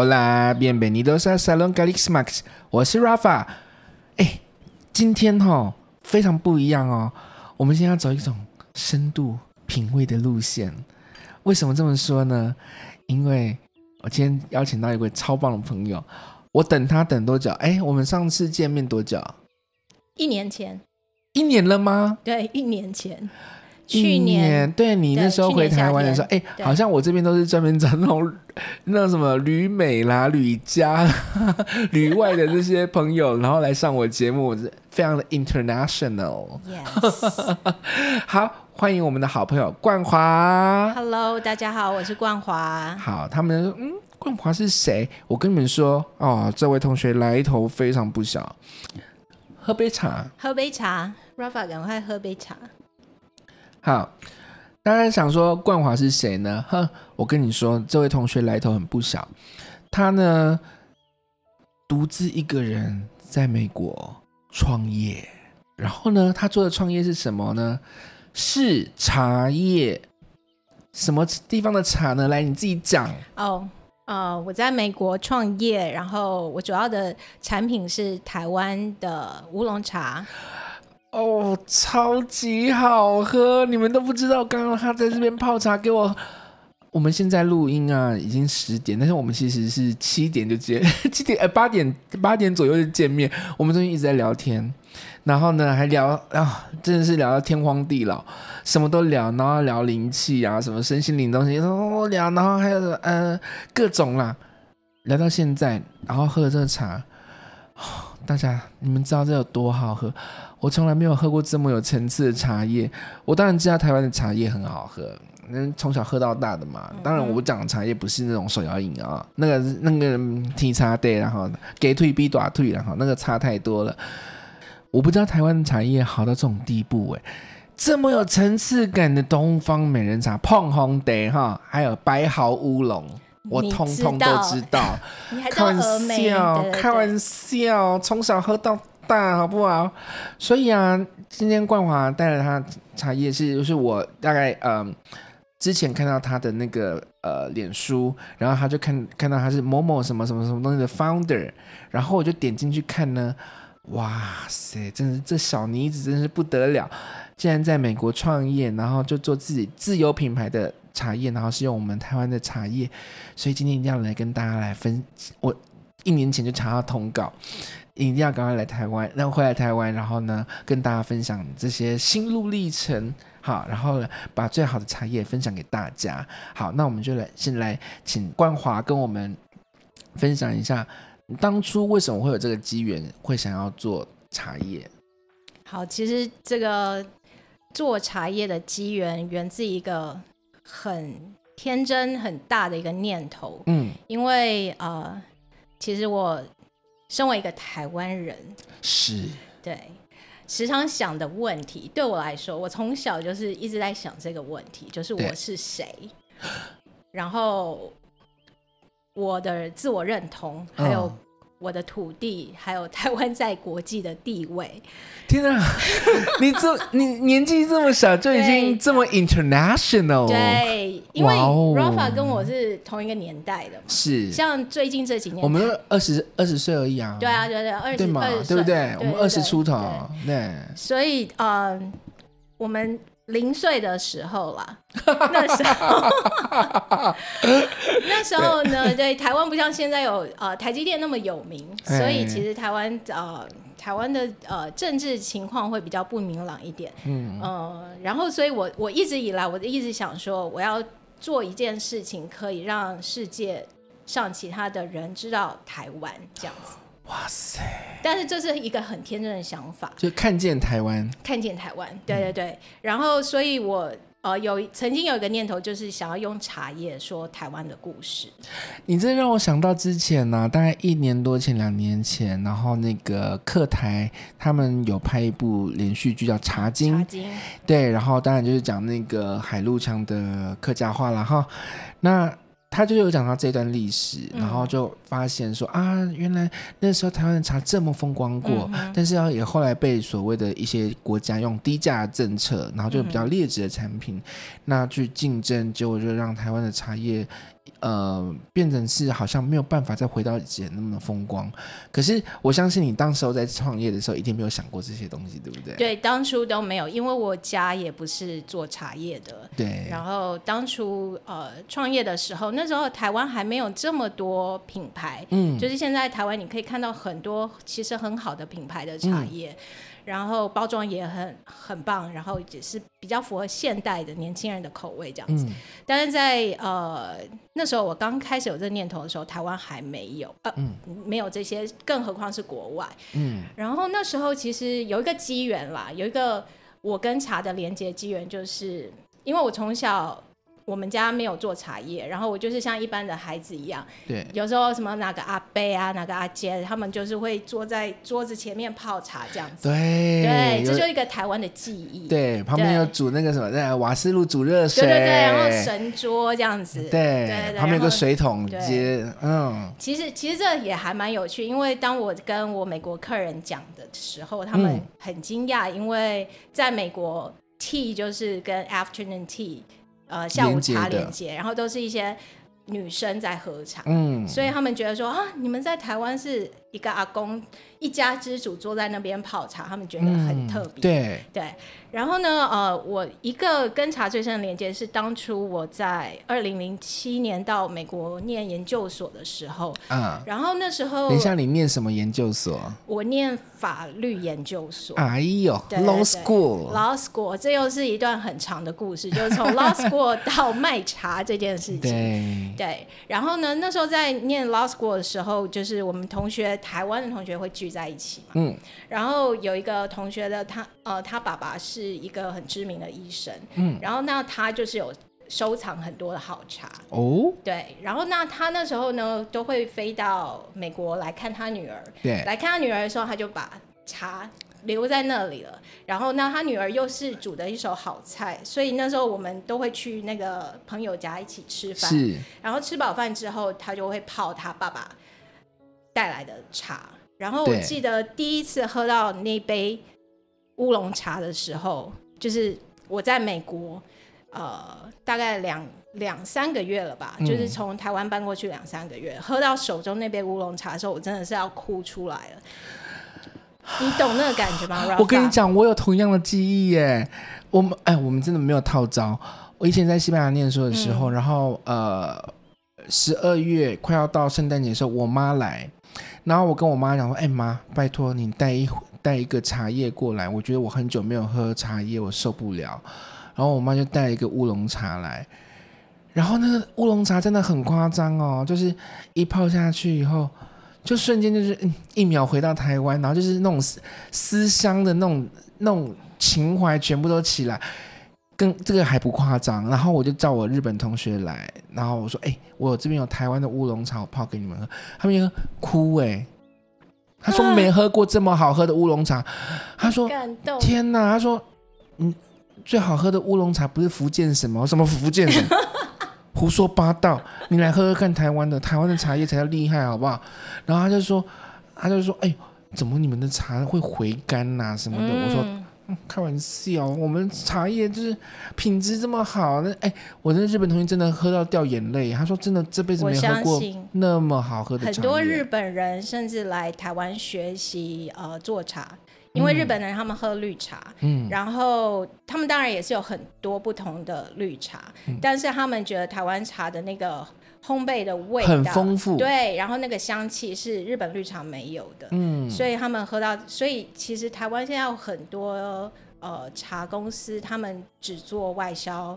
好啦邊邊你都是 Salón karisMax，我是 Rafa。哎，今天吼非常不一樣哦，我們現在要走一種深度品味的路線。為什麼這麼說呢？因為我今天邀請到一位超棒的朋友，我等他等多久？哎，我們上次見面多久？一年前。一年了嗎？對，一年前。去年，嗯、對，你那時候回台灣的時候，哎、欸，好像我這邊都是專門找那種、對那什麼旅美啦、旅加、旅外的這些朋友， 然後來上我節目，是非常的 international。Yes. 好，歡迎我們的好朋友冠樺。Hello，大家好，我是冠樺。好，他們說，嗯，冠樺是誰？我跟你們說哦，這位同學來頭非常不小。喝杯茶。喝杯茶，Rafa，趕快喝杯茶。好，當然想說，冠樺是誰呢？哼，我跟你說，這位同學來頭很不小。他呢，獨自一個人在美國創業，然後呢，他做的創業是什麼呢？是茶葉。什麼地方的茶呢？來，你自己講。哦，oh, uh, 我在美國創業，然後我主要的產品是台灣的烏龍茶。哦，超級好喝！你們都不知道，剛剛他在這邊泡茶給我。我們現在錄音啊，已經十點，但是我們其實是七點就見，七點呃八點、欸、八點左右就見面。我們最近一直在聊天，然後呢還聊啊、哦，真的是聊到天荒地老，什麼都聊，然後聊靈氣啊，什麼身心靈東西都聊，然後還有呃各種啦，聊到現在，然後喝了這個茶，大家你們知道這有多好喝？我從來沒有喝過這麼有層次的茶葉。我當然知道台灣的茶葉很好喝，嗯，從小喝到大的嘛。當然，我不講茶葉不是那種手搖飲啊，嗯嗯那個那個提茶袋然後給退逼打退，然後,然後那個差太多了。我不知道台灣的茶葉好到這種地步哎、欸，這麼有層次感的東方美人茶、椪風茶哈，還有白毫烏龍，我通通都知道。你還叫峨眉？開玩笑，對對對開玩笑，從小喝到。大好不好？所以啊，今天冠樺帶了他茶葉是，就是我大概嗯、呃，之前看到他的那個呃臉書，然後他就看看到他是某某什麼什麼什麼東西的 founder，然後我就點進去看呢，哇塞，真是這小妮子真是不得了，竟然在美國創業，然後就做自己自有品牌的茶葉，然後是用我們台灣的茶葉，所以今天要來跟大家來分，我一年前就查到通告。一定要趕快來台灣，然後回來台灣，然後呢，跟大家分享這些心路歷程，好，然後把最好的茶葉分享給大家。好，那我們就來，先來請冠樺跟我們分享一下，當初為什麼會有這個機緣，會想要做茶葉？好，其實這個做茶葉的機緣源，源自一個很天真很大的一個念頭，嗯，因為呃，其實我。身為一個台灣人，是對時常想的問題。對我來說，我從小就是一直在想這個問題，就是我是誰，對然後我的自我認同，還有、嗯。我的土地，還有台灣在國際的地位。天啊，你這你年紀這麼小就已經這麼 international？對，因為 Rafa 跟我是同一個年代的嘛，是像最近這幾年，我們二十二十歲而已啊。對啊，對對，二十歲嘛，對不對？我們二十出頭，對。所以嗯，我們。零歲的時候啦， 那時候， 那時候呢，對，對台灣不像現在有呃台積電那麼有名，對對對，所以其實台灣呃台灣的呃政治情況會比較不明朗一點，嗯、呃，然後所以我我一直以來，我就一直想說，我要做一件事情，可以讓世界上其他的人知道台灣這樣子。啊哇塞！但是這是一個很天真的想法，就看見台灣，看見台灣，對對對。嗯、然後，所以我呃有曾經有一個念頭，就是想要用茶葉說台灣的故事。你這讓我想到之前呢、啊，大概一年多前、兩年前，然後那個客台他們有拍一部連續劇，叫《茶經》。茶經對，然後當然就是講那個海陸腔的客家話了哈。那他就有講到這段歷史，然後就發現說、嗯、啊，原來那時候台灣的茶這麼風光過，嗯、哼但是要也後來被所謂的一些國家用低價政策，然後就比較劣質的產品，嗯、哼那去競爭，結果就讓台灣的茶葉。呃，變成是好像沒有辦法再回到以前那麼的風光，可是我相信你當時候在創業的時候一定沒有想過這些東西，對不對？對，當初都沒有，因為我家也不是做茶葉的。對。然後當初呃創業的時候，那時候台灣還沒有這麼多品牌。嗯。就是現在台灣你可以看到很多其實很好的品牌的茶葉。嗯然後包裝也很很棒，然後也是比較符合現代的年輕人的口味這樣子。嗯、但是在呃那時候我剛開始有這個念頭的時候，台灣還沒有、呃嗯、沒有這些，更何況是國外。嗯、然後那時候其實有一個機緣啦，有一個我跟茶的連接機緣，就是因為我從小。我們家沒有做茶葉，然後我就是像一般的孩子一樣，對，有時候什麼哪個阿伯啊，哪個阿姐，他們就是會坐在桌子前面泡茶這樣子，對，對，這就一個台灣的記憶，對，旁邊有煮那個什麼在瓦斯爐煮熱水，對對對，然後神桌這樣子，對，旁邊有個水桶直接，嗯，其實其實這也還蠻有趣，因為當我跟我美國客人講的時候，他們很驚訝，因為在美國，tea 就是跟 afternoon tea。呃，下午茶連接，連然後都是一些女生在喝茶，嗯，所以他們覺得說啊，你們在台灣是，一個阿公，一家之主，坐在那邊泡茶，他們覺得很特別。嗯、對對，然後呢，呃，我一個跟茶最深的連接是當初我在二零零七年到美國念研究所的時候，嗯、啊，然後那時候，等一下，你念什麼研究所？我念法律研究所。哎呦喲，對，對，law school，law school，這又是一段很長的故事，就是從 law school 到賣茶這件事情。 對對，然後呢，那時候在念 law school 的時候，就是我們同學。台灣的同學會聚在一起嘛，嗯，然後有一個同學的他，呃，他爸爸是一個很知名的醫生，嗯，然後那他就是有收藏很多的好茶哦，對，然後那他那時候呢都會飛到美國來看他女兒，對，來看他女兒的時候，他就把茶留在那裡了。然後那他女兒又是煮的一手好菜，所以那時候我們都會去那個朋友家一起吃飯，是，然後吃飽飯之後，他就會泡他爸爸。帶來的茶，然後我記得第一次喝到那杯烏龍茶的時候，對就是我在美國，呃，大概兩兩三個月了吧，嗯、就是從台灣搬過去兩三個月，喝到手中那杯烏龍茶的時候，我真的是要哭出來了。你懂那個感覺嗎？ 我跟你講，我有同樣的記憶耶。我們哎，我們真的沒有套招。我以前在西班牙念書的時候，嗯、然後呃。十二月快要到聖誕節的時候，我媽來，然後我跟我媽講說：“哎、欸、媽，拜託你帶一帶一個茶葉過來，我覺得我很久沒有喝茶葉，我受不了。”然後我媽就帶一個烏龍茶來，然後那個烏龍茶真的很誇張哦，就是一泡下去以後，就瞬間就是、嗯、一秒回到台灣，然後就是那種思鄉的那種、那種情懷全部都起來。跟這個還不誇張，然後我就叫我日本同學來，然後我說，哎、欸，我這邊有台灣的烏龍茶，我泡給你們喝。他們說哭哎，他說沒喝過這麼好喝的烏龍茶，啊、他說，感動，天哪，他說，嗯，最好喝的烏龍茶不是福建省嗎？什麼福建省？ 胡說八道，你來喝喝看台灣的，台灣的茶葉才叫厲害，好不好？然後他就說，他就說，哎、欸，怎麼你們的茶會回甘吶、啊、什麼的？我說、嗯。開玩笑哦，我們茶葉就是品質這麼好，那哎，我的日本同學真的喝到掉眼淚，他說真的這輩子沒喝過那麼好喝的茶。很多日本人甚至來台灣學習呃做茶，因為日本人他們喝綠茶，嗯，然後他們當然也是有很多不同的綠茶，嗯，但是他們覺得台灣茶的那個。烘焙的味道很豐富，對，然後那個香氣是日本綠茶沒有的，嗯，所以他們喝到，所以其實台灣現在有很多呃茶公司，他們只做外銷、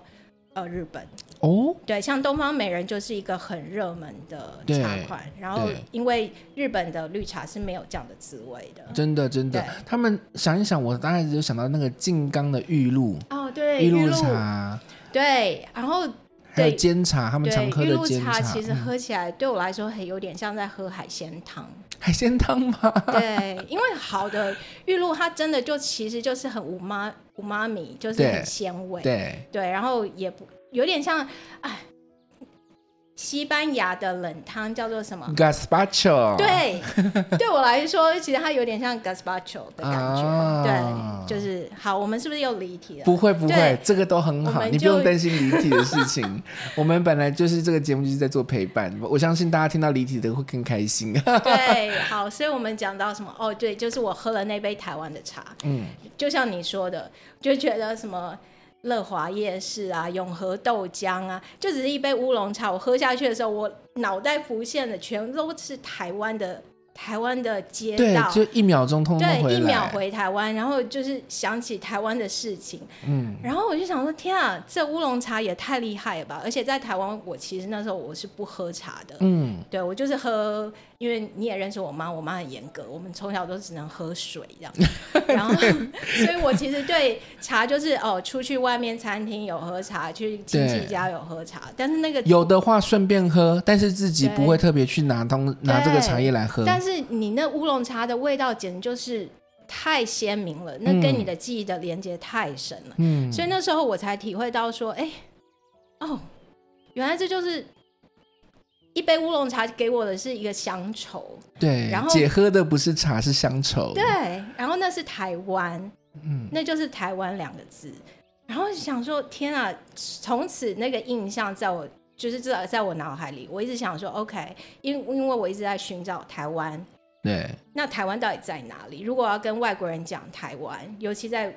呃，日本哦，對，像東方美人就是一個很熱門的茶款，對然後因為日本的綠茶是沒有這樣的滋味的，真的真的，對他們想一想，我大概就想到那個靜岡的玉露，哦對，玉露，玉露茶，對，然後。對還有煎茶，他們對常喝的煎茶，玉露茶其實喝起來對我來說，很有點像在喝海鮮湯。嗯、海鮮湯嗎？對，因為好的玉露，它真的就其實就是很無媽無媽米，就是很鮮味。對對，對，然後也不有點像，哎。西班牙的冷湯叫做什麼？Gazpacho 對，對我來說， 其實它有點像 Gazpacho 的感覺。啊、對，就是好，我們是不是又離題了？不會不會，對這個都很好，你不用擔心離題的事情。 我們本來就是這個節目就是在做陪伴，我相信大家聽到離題的會更開心。 對，好，所以我們講到什麼？哦，對，就是我喝了那杯台灣的茶。嗯，就像你說的，就覺得什麼。樂華夜市啊，永和豆漿啊，就只是一杯烏龍茶，我喝下去的時候，我腦袋浮現的全都是台灣的。台灣的街道，對，就一秒鐘通通回來，對，一秒回台灣，然後就是想起台灣的事情，嗯，然後我就想說，天啊，這烏龍茶也太厲害了吧！而且在台灣，我其實那時候我是不喝茶的，嗯，對我就是喝，因為你也認識我媽，我媽很嚴格，我們從小都只能喝水這樣子，嗯、然後，對所以我其實對茶就是哦，出去外面餐廳有喝茶，去親戚家有喝茶，對但是那個有的話順便喝，但是自己不會特別去拿東對拿這個茶葉來喝，但是你那烏龍茶的味道，簡直就是太鮮明了，那跟你的記憶的連接太深了，嗯，所以那時候我才體會到說，哎、欸，哦，原來這就是一杯烏龍茶給我的是一個鄉愁，對，然後姐喝的不是茶，是鄉愁，對，然後那是台灣，嗯，那就是台灣兩個字，然後想說，天啊，從此那個印象在我。就是在我腦海裡，我一直想說，OK，因因為我一直在尋找台灣，對，那台灣到底在哪裡？如果我要跟外國人講台灣，尤其在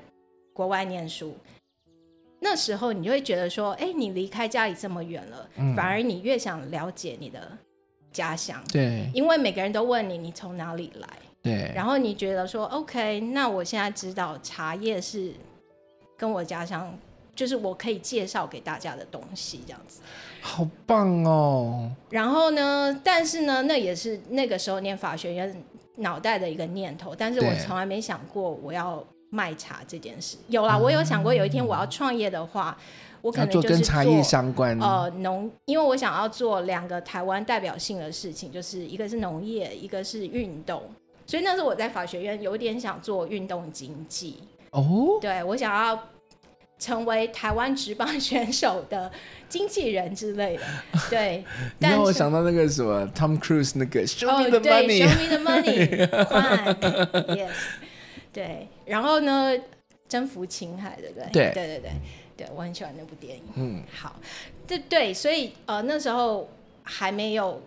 國外念書，那時候你就會覺得說，哎、欸，你離開家裡這麼遠了，嗯、反而你越想了解你的家鄉，對，因為每個人都問你你從哪裡來，對，然後你覺得說，OK，那我現在知道茶葉是跟我家鄉。就是我可以介紹給大家的東西，這樣子，好棒哦。然後呢，但是呢，那也是那個時候念法學院腦袋的一個念頭。但是我從來沒想過我要賣茶這件事。有啦，啊、我有想過有一天我要創業的話，啊、我可能就是做，做跟茶葉相關。呃，農，因為我想要做兩個台灣代表性的事情，就是一個是農業，一個是運動。所以那時候我在法學院有點想做運動經濟哦。對，我想要。成為台灣職棒選手的經紀人之類的，對。但我想到那個什麼，Tom Cruise 那個 Show Me the Money，哦、對，Show Me the Money，對，然後呢，征服情海，對對對，對對對，對我很喜歡那部電影。嗯，好，這對，所以呃那時候還沒有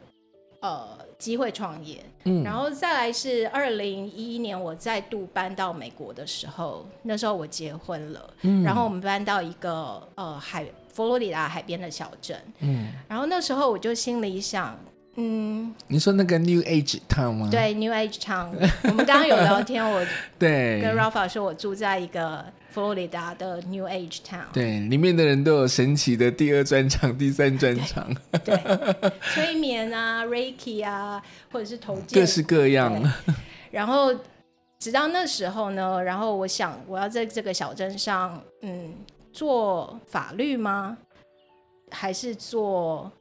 呃。機會創業，嗯，然後再來是二零一一年我再度搬到美國的時候，那時候我結婚了，嗯，然後我們搬到一個呃海佛羅里達海邊的小鎮，嗯，然後那時候我就心裡想，嗯，你說那個 New Age Town 嗎？對，New Age Town， 我們剛剛有聊天，我對跟 Rafa 說，我住在一個。佛羅里達的 New Age Town，對，裡面的人都有神奇的第二專長、第三專長，對，催眠啊、 Reiki 啊，或者是投技，各式各樣。然後直到那時候呢，然後我想我要在這個小鎮上，嗯，做法律嗎？還是做？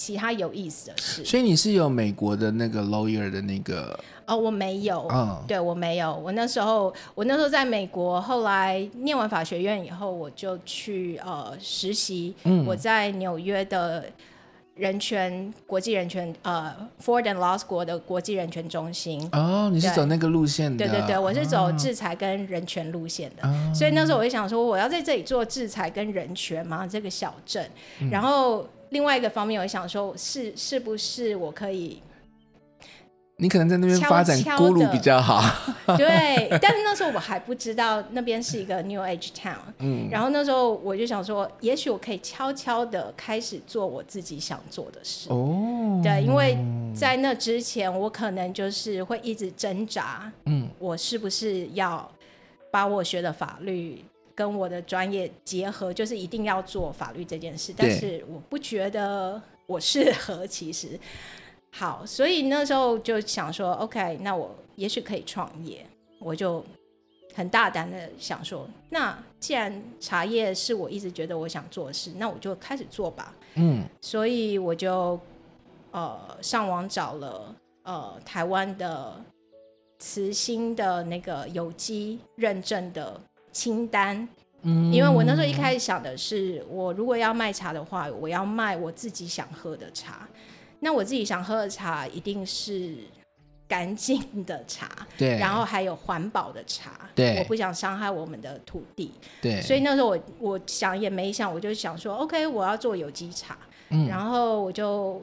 其他有意思的是，所以你是有美國的那個 lawyer 的那個？哦，我沒有，哦、對，我沒有。我那時候，我那時候在美國，後來念完法學院以後，我就去呃實習。嗯、我在紐約的。人權國際人權呃，Fordham Law School 的國際人權中心。哦，你是走那個路線的？對對對，我是走制裁跟人權路線的。哦、所以那時候我就想說，我要在這裡做制裁跟人權嘛，這個小鎮。嗯、然後另外一個方面，我想說是，是是不是我可以。你可能在那邊發展鍋爐比較好。對，但是那時候我還不知道那邊是一個 New Age Town。嗯。然後那時候我就想說，也許我可以悄悄的開始做我自己想做的事。哦。對，因為在那之前，我可能就是會一直掙扎。嗯。我是不是要把我學的法律跟我的專業結合？就是一定要做法律這件事？但是我不覺得我適合，其實。好，所以那時候就想說，OK，那我也許可以創業，我就很大膽的想說，那既然茶葉是我一直覺得我想做的事，那我就開始做吧。嗯，所以我就呃上網找了呃台灣的慈心的那個有機認證的清單，嗯，因為我那時候一開始想的是，我如果要賣茶的話，我要賣我自己想喝的茶。那我自己想喝的茶一定是乾淨的茶，對，然後還有環保的茶，對，我不想傷害我們的土地，對，所以那時候我我想也沒想，我就想說，OK，我要做有機茶，嗯，然後我就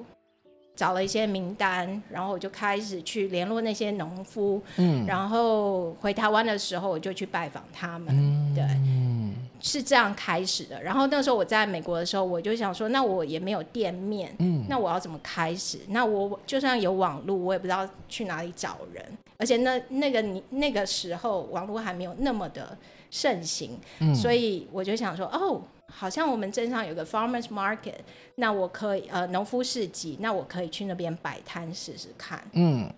找了一些名單，然後我就開始去聯絡那些農夫，嗯，然後回台灣的時候我就去拜訪他們，嗯，對，嗯。是這樣開始的。然後那時候我在美國的時候，我就想說，那我也沒有店面，嗯、那我要怎麼開始？那我就算有網絡，我也不知道去哪裡找人。而且那那個你那個時候網絡還沒有那麼的盛行，嗯、所以我就想說，哦，好像我們鎮上有個 farmers market，那我可以呃農夫市集，那我可以去那邊擺攤試試看。嗯，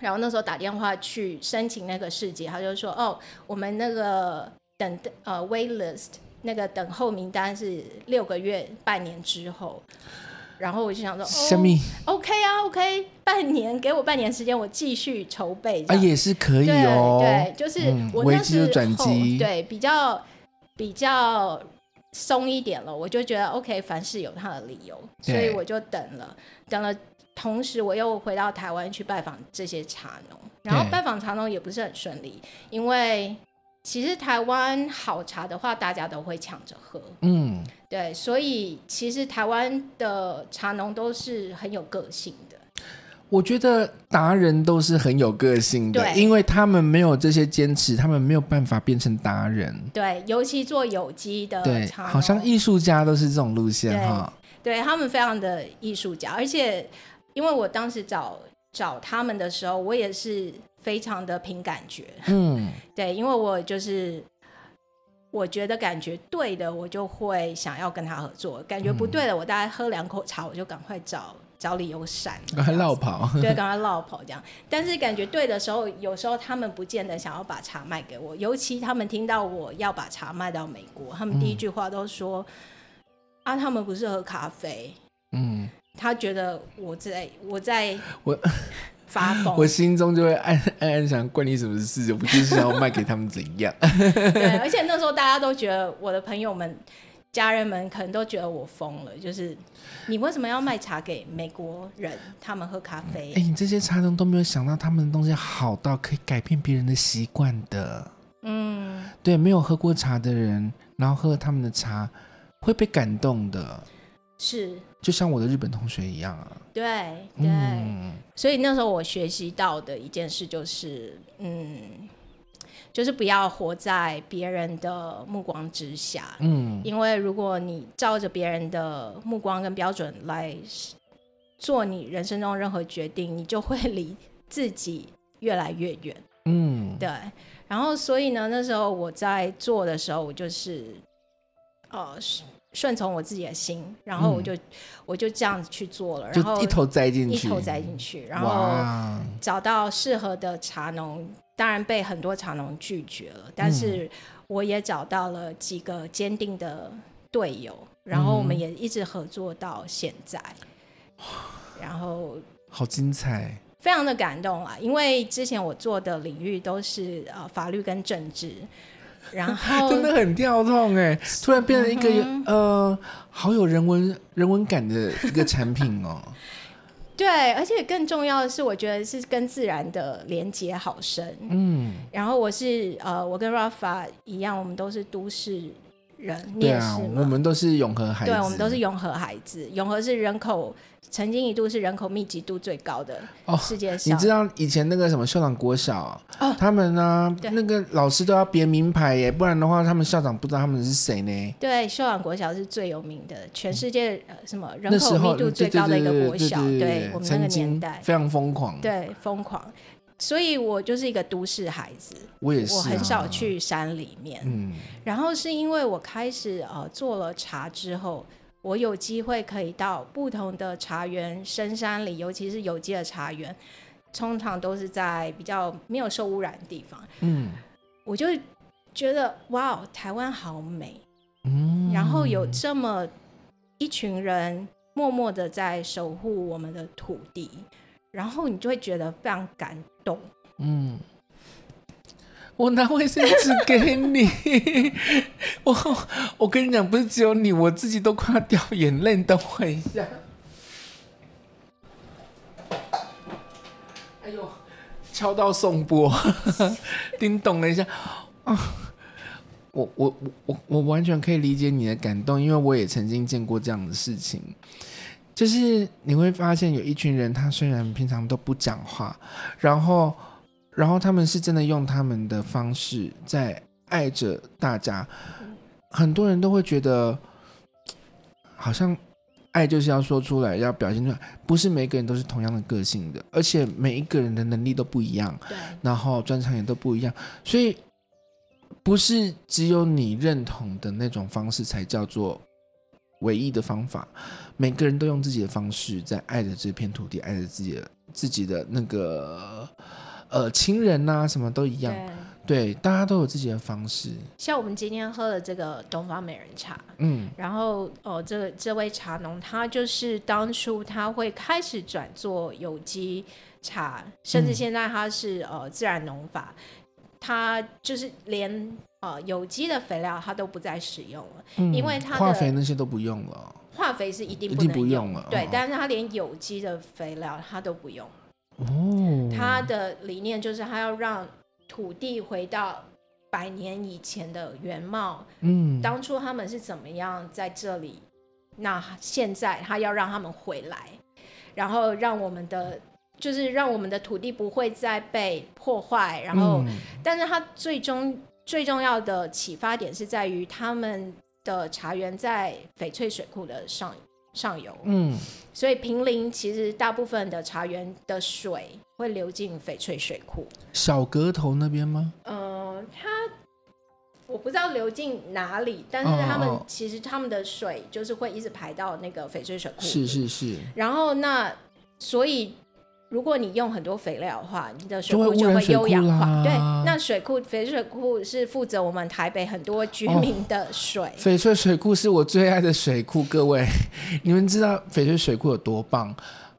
然後那時候打電話去申請那個市集，他就說，哦，我們那個。等呃，waitlist 那個等候名單是六個月、半年之後，然後我就想說、哦、麼，OK 啊，OK，半年給我半年時間，我繼續籌備，啊，也是可以哦對，對，就是我那時候、嗯、對比較比較鬆一點了，我就覺得 OK，凡事有它的理由，對所以我就等了，等了，同時我又回到台灣去拜訪這些茶農，然後拜訪茶農也不是很順利，因為。其實台灣好茶的話，大家都會搶着喝。嗯，對，所以其實台灣的茶農都是很有個性的。我覺得達人都是很有個性的，對因為他們沒有這些堅持，他們沒有辦法變成達人。對，尤其做有機的茶。對，好像藝術家都是這種路線哈。對，他們非常的藝術家，而且因為我當時找找他們的時候，我也是。非常的憑感覺，嗯， 對，因為我就是我覺得感覺對的，我就會想要跟他合作；感覺不對的，嗯、我大概喝兩口茶，我就趕快找找理由閃，趕快落跑，對，趕快落跑這樣。 但是感覺對的時候，有時候他們不見得想要把茶賣給我，尤其他們聽到我要把茶賣到美國，他們第一句話都說：“嗯、啊，他們不是喝咖啡。”嗯，他覺得我在我在我。 發瘋，我心中就會暗暗暗想，關你什麼事？我不就是想要賣給他們怎樣？ 對，而且那時候大家都覺得，我的朋友們、家人們可能都覺得我瘋了，就是你為什麼要賣茶給美國人？他們喝咖啡、欸？哎、欸，你這些茶商都沒有想到，他們的東西好到可以改變別人的習慣的。嗯，對，沒有喝過茶的人，然後喝了他們的茶，會被感動的。是。就像我的日本同學一樣啊，對，對，嗯、所以那時候我學習到的一件事就是，嗯，就是不要活在別人的目光之下，嗯，因為如果你照着別人的目光跟標準來做你人生中的任何決定，你就會離自己越來越遠，嗯，對。然後，所以呢，那時候我在做的時候，我就是，呃、哦……是。順從我自己的心，然後我就、嗯、我就這樣子去做了，然後一頭栽進去，一頭栽進去，然後找到適合的茶農，當然被很多茶農拒絕了，但是我也找到了幾個堅定的隊友，嗯、然後我們也一直合作到現在，嗯、然後好精彩，非常的感動啊，因為之前我做的領域都是呃法律跟政治。然後 真的很跳痛哎，欸，嗯、哼突然變成一個呃，好有人文人文感的一個產品哦，喔。 對，而且更重要的是，我覺得是跟自然的連接好深。嗯，然後我是呃，我跟 Rafa 一樣，我們都是都市。人，對啊，我們都是永和孩子。對，我們都是永和孩子。永和是人口曾經一度是人口密集度最高的世界、哦。你知道以前那個什麼校長國小哦，他們呢、啊，對那個老師都要別名牌耶，不然的話，他們校長不知道他們是誰呢？對，校長國小是最有名的，全世界什麼、呃嗯、人口密度最高的一個國小。對，我們那個年代非常瘋狂，對，瘋狂。所以我就是一個都市孩子，我也是啊，我很少去山裡面。嗯，然後是因為我開始呃做了茶之後，我有機會可以到不同的茶園、深山裡，尤其是有機的茶園，通常都是在比較沒有受污染的地方。嗯，我就覺得哇，台灣好美。嗯，然後有這麼一群人默默的在守護我們的土地。然後你就會覺得非常感動。嗯，我拿衛生紙給你。 我我跟你講，不是只有你，我自己都快要掉眼淚。等我一下。哎呦，敲到宋波， 叮咚了一下。哦，我我我我完全可以理解你的感動，因為我也曾經見過這樣的事情。就是你會發現，有一群人，他雖然平常都不講話，然後，然後他們是真的用他們的方式在愛着大家。很多人都會覺得，好像愛就是要說出來，要表現出來。不是每個人都是同樣的個性的，而且每一個人的能力都不一樣，對然後專長也都不一樣，所以不是只有你認同的那種方式才叫做，唯一的方法，每個人都用自己的方式，在愛着這片土地，愛着自己的自己的那個呃親人吶、啊，什麼都一樣。對，對，大家都有自己的方式。像我們今天喝了這個東方美人茶，嗯，然後哦、呃，這這位茶農他就是當初他會開始轉做有機茶，甚至現在他是、嗯、呃自然農法。他就是連、呃、有機的肥料他都不再使用了，嗯、因為他的化肥那些都不用了，化肥是一定不能用，不用了。對，哦、但是他連有機的肥料他都不用了。哦、他的理念就是他要讓土地回到百年以前的原貌。嗯、當初他們是怎麼樣在這裡？那現在他要讓他們回來，然後讓我們的。就是讓我們的土地不會再被破壞，然後，嗯、但是它最終最重要的啟發點是在於他們的茶園在翡翠水庫的上上游，嗯，所以坪林其實大部分的茶園的水會流進翡翠水庫，小格頭那邊嗎？嗯、呃，他我不知道流進哪裡，但是他們哦哦其實他們的水就是會一直排到那個翡翠水庫，是是是，然後那所以。如果你用很多肥料的話，你的水庫就會優養化。對，那水庫翡翠水庫是負責我們台北很多居民的水。翡翠、哦、水庫是我最愛的水庫，各位， 你們知道翡翠水庫有多棒？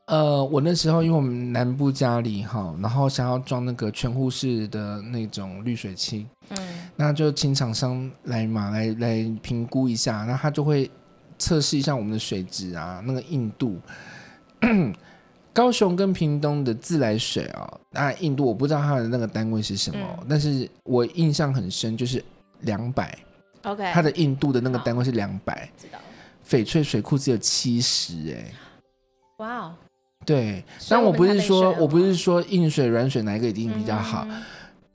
呃，我那時候因為我們南部家裡哈，然後想要裝那個全戶式的那種濾水器，嗯，那就請廠商來嘛，來來評估一下，那他就會測試一下我們的水質啊，那個硬度。 高雄跟屏東的自來水哦、喔，那、啊、硬度我不知道它的那個單位是什麼，嗯、但是我印象很深，就是兩百。OK。它的硬度的那個單位是兩百。知道。翡翠水庫只有七十，哎 Wow。哇哦。對。但我不是說我，我不是說硬水軟水哪一個一定比較好，嗯嗯，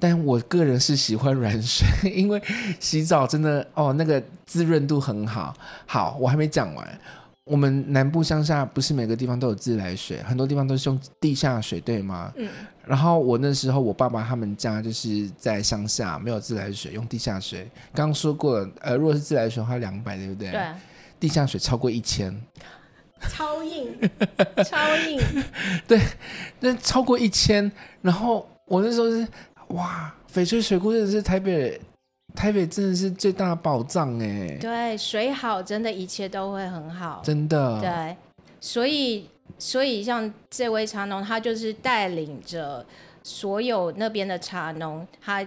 但我個人是喜歡軟水，因為洗澡真的哦那個滋潤度很好。好，我還沒講完。我們南部鄉下不是每個地方都有自來水，很多地方都是用地下水，對嗎？嗯。然後我那時候我爸爸他們家就是在鄉下，沒有自來水，用地下水。剛剛說過了，呃，如果是自來水的話兩百，對不對？對。地下水超過一千，超硬，超硬。 對，那超過一千，然後我那時候是哇，翡翠水庫真的是台北。台北真的是最大的寶藏哎！對，水好，真的一切都會很好，真的。對，所以，所以像這位茶農，他就是帶領着所有那邊的茶農，他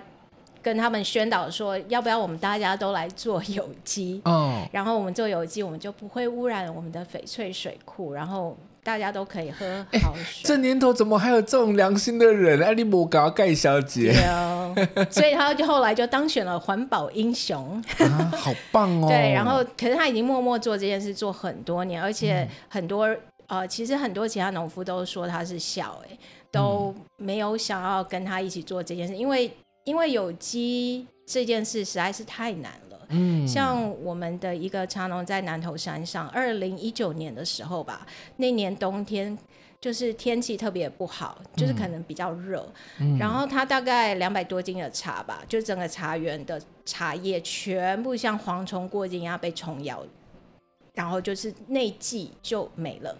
跟他們宣導說，要不要我們大家都來做有機？哦，然後我們做有機，我們就不會污染我們的翡翠水庫，然後。大家都可以喝好水。欸，這年頭怎麼還有這種良心的人？埃利摩嘎蓋小姐，所以她就後來就當選了環保英雄。啊，好棒哦！ 對，然後可是他已經默默做這件事做很多年，而且很多，嗯、呃，其實很多其他農夫都說他是小哎，欸，都沒有想要跟他一起做這件事，因為因為有機這件事實在是太難了。嗯，像我們的一個茶農在南投山上，二零一九年的時候吧，那年冬天就是天氣特別不好，嗯、就是可能比較熱，嗯、然後他大概兩百多斤的茶吧，就整個茶園的茶葉全部像蝗蟲過境一樣被蟲咬，然後就是那季就沒了，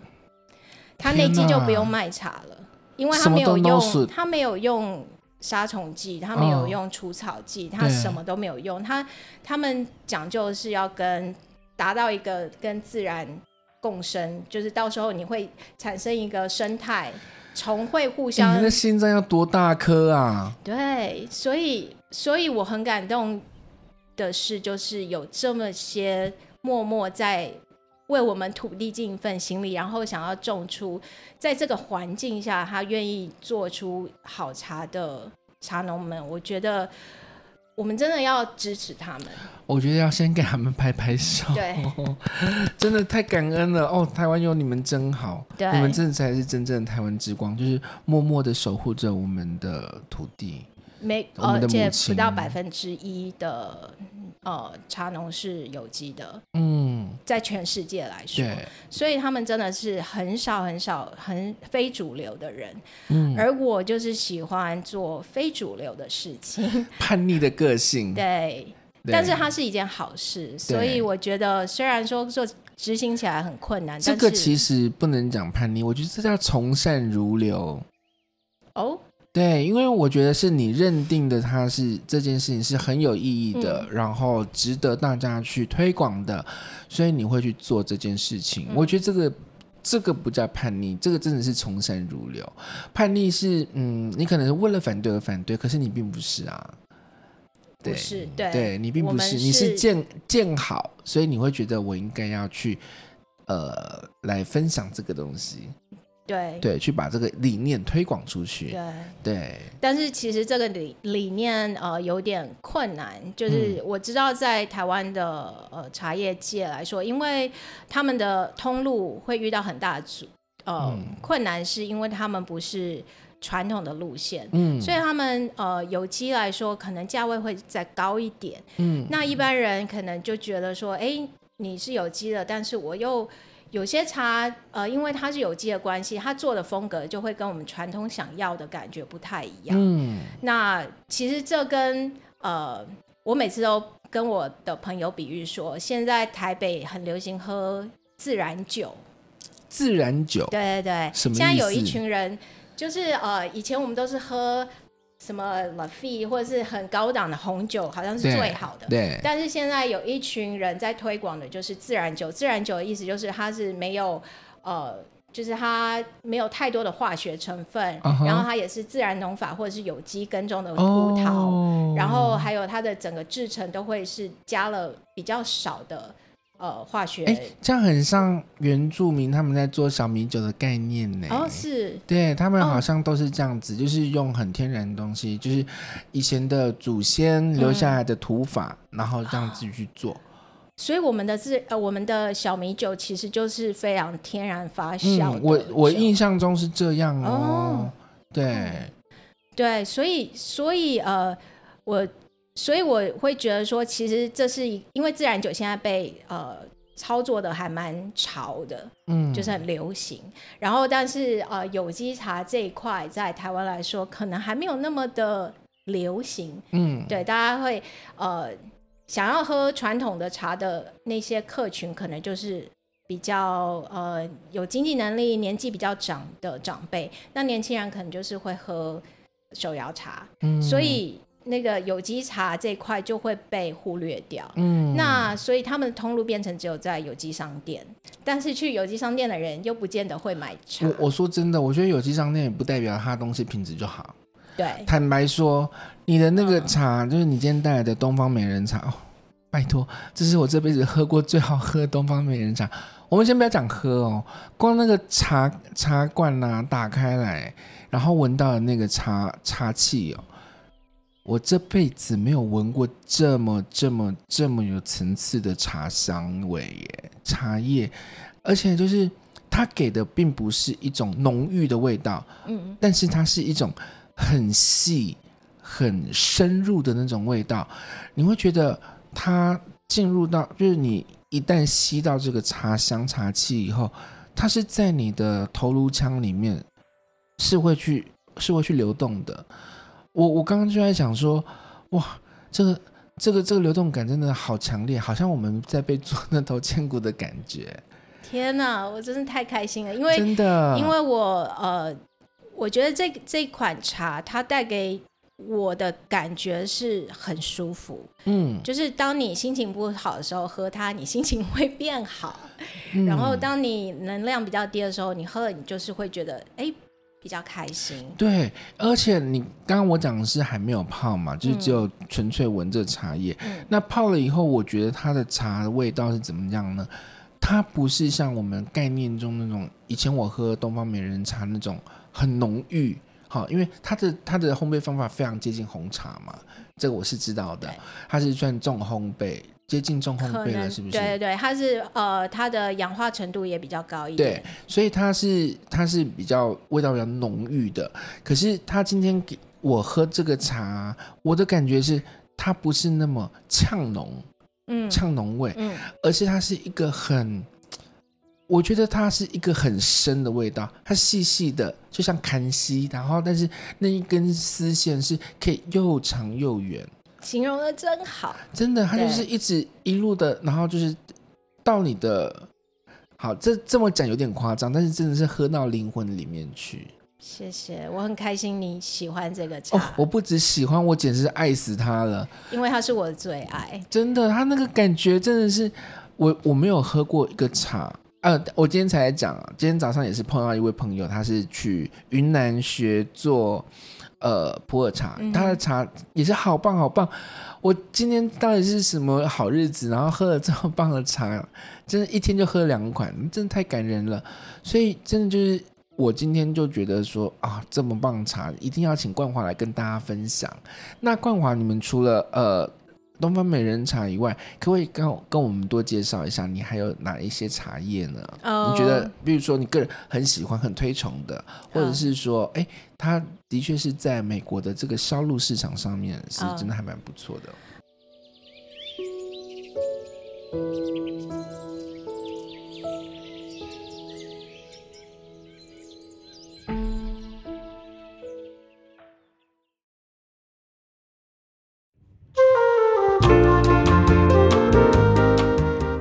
他那季就不用賣茶了，哪因為他沒有用，他沒有用。殺蟲劑，他沒有用除草劑，哦、他什麼都沒有用，啊、他他們講究是要跟達到一個跟自然共生，就是到時候你會產生一個生態，蟲會互相。你那心臟要多大顆啊？對，所以所以我很感動的是，就是有這麼些默默在。為我們土地盡一份心力，然後想要種出在這個環境下他願意做出好茶的茶農們，我覺得我們真的要支持他們。我覺得要先給他們拍拍手。對、哦，真的太感恩了哦！台灣有你們真好，對你們這才是真正的台灣之光，就是默默的守護着我們的土地，沒、哦、我們的母親，而且不到百分之一的。哦，茶農是有機的，嗯，在全世界來說，對所以他們真的是很少很少很非主流的人，嗯，而我就是喜歡做非主流的事情，叛逆的個性，對，對但是它是一件好事，對所以我覺得雖然說做執行起來很困難，這個但是其實不能講叛逆，我覺得這叫從善如流，哦。對，因為我覺得是你認定的，它是這件事情是很有意義的，嗯、然後值得大家去推廣的，所以你會去做這件事情。嗯、我覺得這個這個不叫叛逆，這個真的是從善如流。叛逆是，嗯，你可能是為了反對而反對，可是你並不是啊，對，是，對，對，你並不是，是你是見見好，所以你會覺得我應該要去，呃，來分享這個東西。對對，去把這個理念推廣出去。對對，對，但是其實這個理理念呃有點困難，就是我知道在台灣的呃茶葉界來說，因為他們的通路會遇到很大的阻呃、嗯、困難，是因為他們不是傳統的路線，嗯，所以他們呃有機來說可能價位會再高一點，嗯，那一般人可能就覺得說，哎，你是有機的，但是我又。有些茶，呃，因為它是有機的關係，它做的風格就會跟我們傳統想要的感覺不太一樣。嗯，那其實這跟呃，我每次都跟我的朋友比喻說，現在台北很流行喝自然酒。自然酒，對對對，什麼意思？現在有一群人，就是呃，以前我們都是喝。什麼 Lafite 或者是很高檔的紅酒，好像是最好的。對。對但是現在有一群人在推廣的，就是自然酒。自然酒的意思就是它是沒有，呃，就是它沒有太多的化學成分，uh huh、然後它也是自然農法或者是有機耕種的葡萄，oh、然後還有它的整個制程都會是加了比較少的。呃，化學哎、欸，這樣很像原住民他們在做小米酒的概念呢、欸。哦，是，對，他們好像都是這樣子，哦，就是用很天然的東西，就是以前的祖先留下來的土法，嗯、然後這樣子去做。啊、所以我們的是呃，我們的小米酒其實就是非常天然發酵、嗯。我我印象中是這樣、喔、哦。對、嗯、對，所以所以呃，我。所以我會覺得說，其實這是因為自然酒現在被呃操作的還蠻潮的，嗯，就是很流行。然後，但是呃，有機茶這一塊在台灣來說，可能還沒有那麼的流行，嗯，對，大家會呃想要喝傳統的茶的那些客群，可能就是比較呃有經濟能力、年紀比較長的長輩。那年輕人可能就是會喝手搖茶，嗯，所以。那個有機茶這塊就會被忽略掉，嗯，那所以他們的通路變成只有在有機商店，但是去有機商店的人又不見得會買茶。我，我說真的，我覺得有機商店也不代表它東西品質就好。對，坦白說，你的那個茶、嗯、就是你今天帶來的東方美人茶，哦，拜託，這是我這輩子喝過最好喝的東方美人茶。我們先不要講喝哦，光那個茶茶罐啊，打開來，然後聞到的那個茶茶氣哦。我這輩子沒有聞過這麼這麼這麼有層次的茶香味耶！茶葉，而且就是它給的並不是一種濃郁的味道，嗯，但是它是一種很細、很深入的那種味道。你會覺得它進入到，就是你一旦吸到這個茶香茶氣以後，它是在你的頭顱腔裡面，是會去，是會去流動的。我我剛剛就在想說，哇，這個這個這個流動感真的好強烈，好像我們在被做那頭千古的感覺。天哪，我真的太開心了，因為真的，因為我呃，我覺得這這款茶它帶給我的感覺是很舒服，嗯，就是當你心情不好的時候喝它，你心情會變好，嗯、然後當你能量比較低的時候，你喝了你就是會覺得哎。誒比較開心，對，而且你剛剛我講的是還沒有泡嘛，嗯、就是只有純粹聞這茶葉。嗯、那泡了以後，我覺得它的茶的味道是怎麼樣呢？它不是像我們概念中那種，以前我喝東方美人茶那種很濃郁，好，因為它的它的烘焙方法非常接近紅茶嘛，這個我是知道的，對它是算重烘焙。接近中烘焙了，是不是？對對對，它是呃，它的氧化程度也比較高一點。對，所以它是它是比較味道比較濃郁的。可是他今天給我喝這個茶，我的感覺是它不是那麼嗆濃，嗯，嗆濃味，嗯，而是它是一個很，我覺得它是一個很深的味道，它細細的，就像蠶絲，然後但是那一根絲線是可以又長又遠。形容的真好，真的，他就是一直一路的，對然後就是到你的，好，這這麼講有點誇張，但是真的是喝到靈魂裡面去。謝謝，我很開心你喜歡這個茶。哦，我不止喜歡，我簡直是愛死他了，因為他是我的最愛。真的，他那個感覺真的是，我我沒有喝過一個茶，呃，我今天才來講，今天早上也是碰到一位朋友，他是去雲南學做。呃，普洱茶，它的茶也是好棒好棒。嗯哼，我今天到底是什麼好日子？然後喝了這麼棒的茶，真的一天就喝兩款，真的太感人了。所以真的就是，我今天就覺得說啊，這麼棒的茶，一定要請冠華來跟大家分享。那冠華，你們除了呃。東方美人茶以外，可不可以跟跟我們多介紹一下你還有哪一些茶葉呢？Oh. 你覺得，比如說你個人很喜歡、很推崇的，或者是說，誒、oh. 欸，它的確是在美國的這個銷路市場上面是真的還蠻不錯的。Oh.